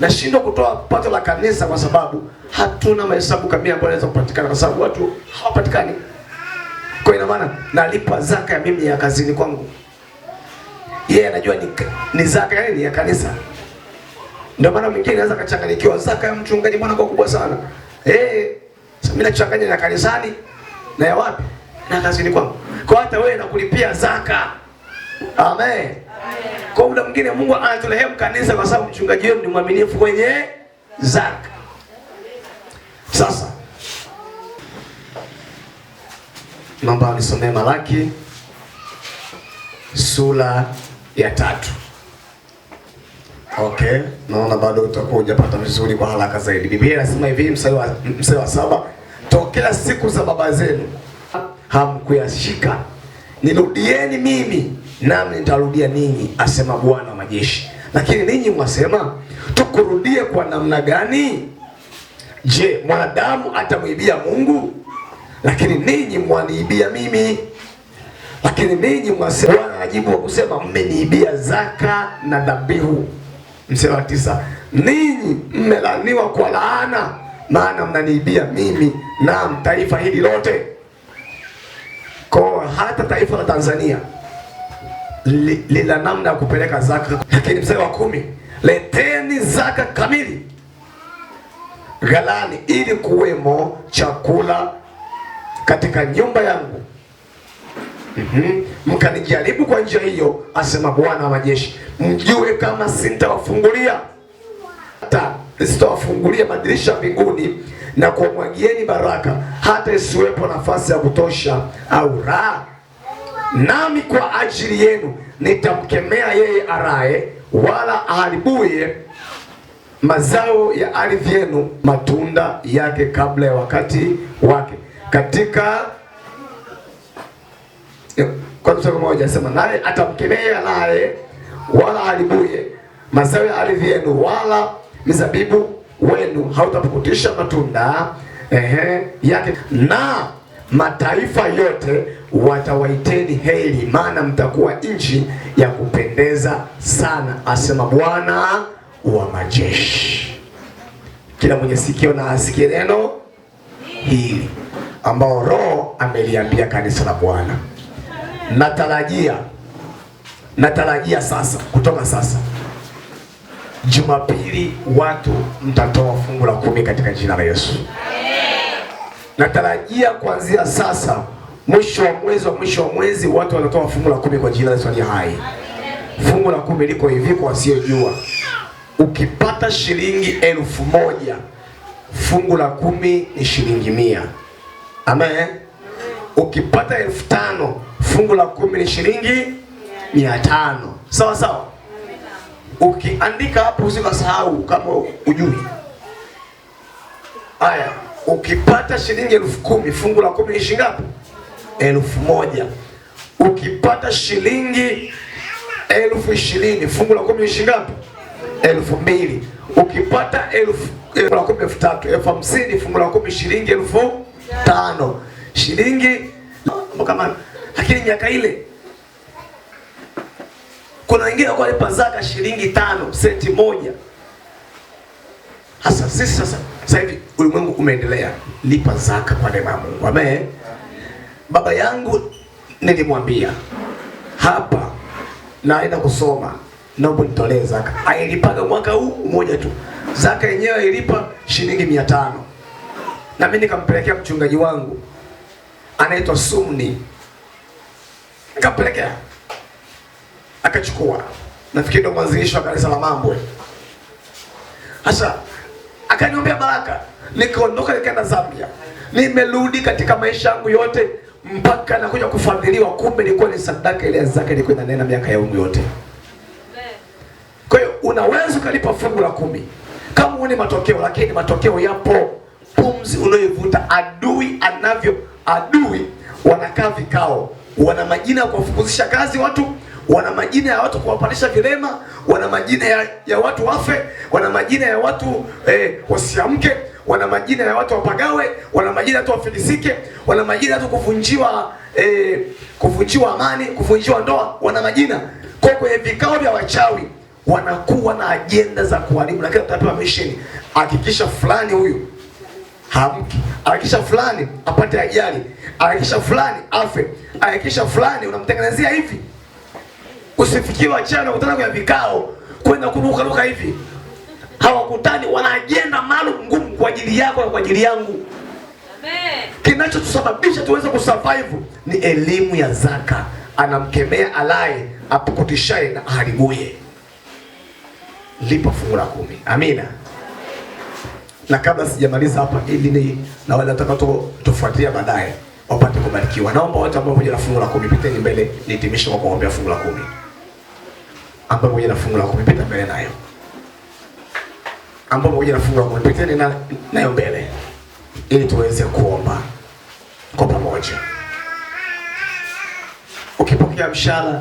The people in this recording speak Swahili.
nashindwa kutoa pato la kanisa kwa sababu hatuna mahesabu kamili ambayo inaweza kupatikana kwa sababu watu hawapatikani. Kwa ina maana nalipa zaka ya mimi ya kazini kwangu, yeye yeah, anajua ni, ni zaka ya ni ya kanisa. Ndio maana mwingine anaweza kachanganyikiwa, zaka ya mchungaji mwana kwa kubwa sana Eh, hey, mimi nachanganya na kanisani na ya wapi na kazini kwangu, kwa hata wewe nakulipia zaka. Amen. Kwa muda mwingine Mungu anaturehemu kanisa, kwa sababu mchungaji wenu ni mwaminifu kwenye zaka. Sasa naomba nisomee Malaki sura ya tatu. Okay, naona bado utakuwa hujapata vizuri kwa haraka zaidi. Biblia inasema hivi, mstari wa saba, tokea siku za baba zenu hamkuyashika, nirudieni mimi nami nitarudia ninyi, asema Bwana majeshi. Lakini ninyi mwasema tukurudie kwa namna gani? Je, mwanadamu atamwibia Mungu? Lakini ninyi mwaniibia mimi. Lakini ninyi mwasema, Bwana ajibu wa kusema mmeniibia zaka na dhabihu. Mstari wa tisa, ninyi mmelaniwa kwa laana, maana mnaniibia mimi na taifa hili lote. Kwa hata taifa la Tanzania lina namna ya kupeleka zaka, lakini mstari wa kumi, leteni zaka kamili ghalani, ili kuwemo chakula katika nyumba yangu, mhm. mkanijaribu mm -hmm. kwa njia hiyo, asema Bwana wa majeshi, mjue kama sintawafungulia hata sitawafungulia madirisha mbinguni na kuwamwagieni baraka hata isiwepo nafasi ya kutosha au raha nami kwa ajili yenu nitamkemea yeye araye, wala aharibuye mazao ya ardhi yenu matunda yake kabla ya wakati wake. Katika mmoja sema naye atamkemea naye wala aharibuye mazao ya ardhi yenu, wala mizabibu wenu hautapukutisha matunda ehe, yake na mataifa yote watawaiteni heri, maana mtakuwa nchi ya kupendeza sana, asema Bwana wa majeshi. Kila mwenye sikio na asikie neno hili ambao Roho ameliambia kanisa la Bwana. Natarajia, natarajia sasa, kutoka sasa Jumapili watu mtatoa fungu la kumi katika jina la Yesu. Natarajia kuanzia sasa mwisho wa mwezi wa mwisho wa mwezi watu wanatoa fungu la kumi kwa jina la Yesu aliye hai. Fungu la kumi liko hivi kwa wasiojua, ukipata shilingi elfu moja fungu la kumi ni shilingi mia. Amen. Ukipata elfu tano fungu la kumi ni shilingi mia tano. Sawa sawa, ukiandika hapo usikasahau kama ujui haya. Ukipata shilingi elfu kumi fungu la kumi ni shilingi ngapi? elfu moja. Ukipata shilingi elfu ishirini fungu la kumi ni shilingi ngapi? elfu mbili. Ukipata elfu la kumi elfu tatu. elfu hamsini fungu la kumi shilingi elfu tano shilingi kama. Lakini miaka ile kuna wengine walipa zaka shilingi tano senti moja. Hasa sisi sasa sasa hivi ulimwengu umeendelea, lipa zaka kwa neema ya Mungu. Amen. Baba yangu nilimwambia hapa naenda kusoma, naomba nitolee zaka. Ailipaga mwaka huu mmoja tu, zaka yenyewe ailipa shilingi mia tano na mimi nikampelekea mchungaji wangu anaitwa Sumni, nikampelekea akachukua, nafikiri ndo mwanzilishi wa kanisa la Mambwe. Sasa akaniombea baraka, nikaondoka nikaenda Zambia. Nimerudi katika maisha yangu yote mpaka nakuja kufadhiliwa, kumbe ilikuwa ni sadaka ile ya zaka ilikuwa inanena miaka yangu yote. Kwa hiyo unaweza ukalipa fungu la kumi kama uone matokeo, lakini matokeo yapo. Pumzi unayoivuta adui anavyo, adui wanakaa vikao, wana majina ya kuwafukuzisha kazi watu wana majina ya watu kuwapandisha vilema, wana majina ya, ya watu wafe, wana majina ya watu eh, wasiamke, wana majina ya watu wapagawe, wana majina ya watu wafilisike, wana majina ya watu kuvunjiwa eh, kuvunjiwa amani, kuvunjiwa ndoa, wana majina kwa kwenye vikao vya wachawi wanakuwa na ajenda za kuharibu, lakini tutapewa mission, hakikisha fulani huyu hamki, hakikisha fulani apate ajali, hakikisha fulani afe, hakikisha fulani unamtengenezea hivi usifikiwe, achana na kutana kwenye vikao, kwenda kuruka ruka hivi. Hawakutani, wana ajenda maalum ngumu kwa ajili yako na kwa ajili yangu. Amen. Kinachotusababisha tuweze kusurvive ni elimu ya zaka. Anamkemea alaye apukutishaye na aharibuye. Lipa fungu la kumi. Amina. Na kabla sijamaliza hapa, ili ni na wale nataka tufuatilia baadaye wapate kubarikiwa. Naomba watu ambao pamoja fungu la kumi, piteni mbele nitimishe kwa kuombea fungu la kumi ambao pamoja na fungu la kumi mbele nayo, ambao pamoja na fungu la kumi piteni na nayo mbele, ili tuweze kuomba kwa pamoja. Ukipokea mshahara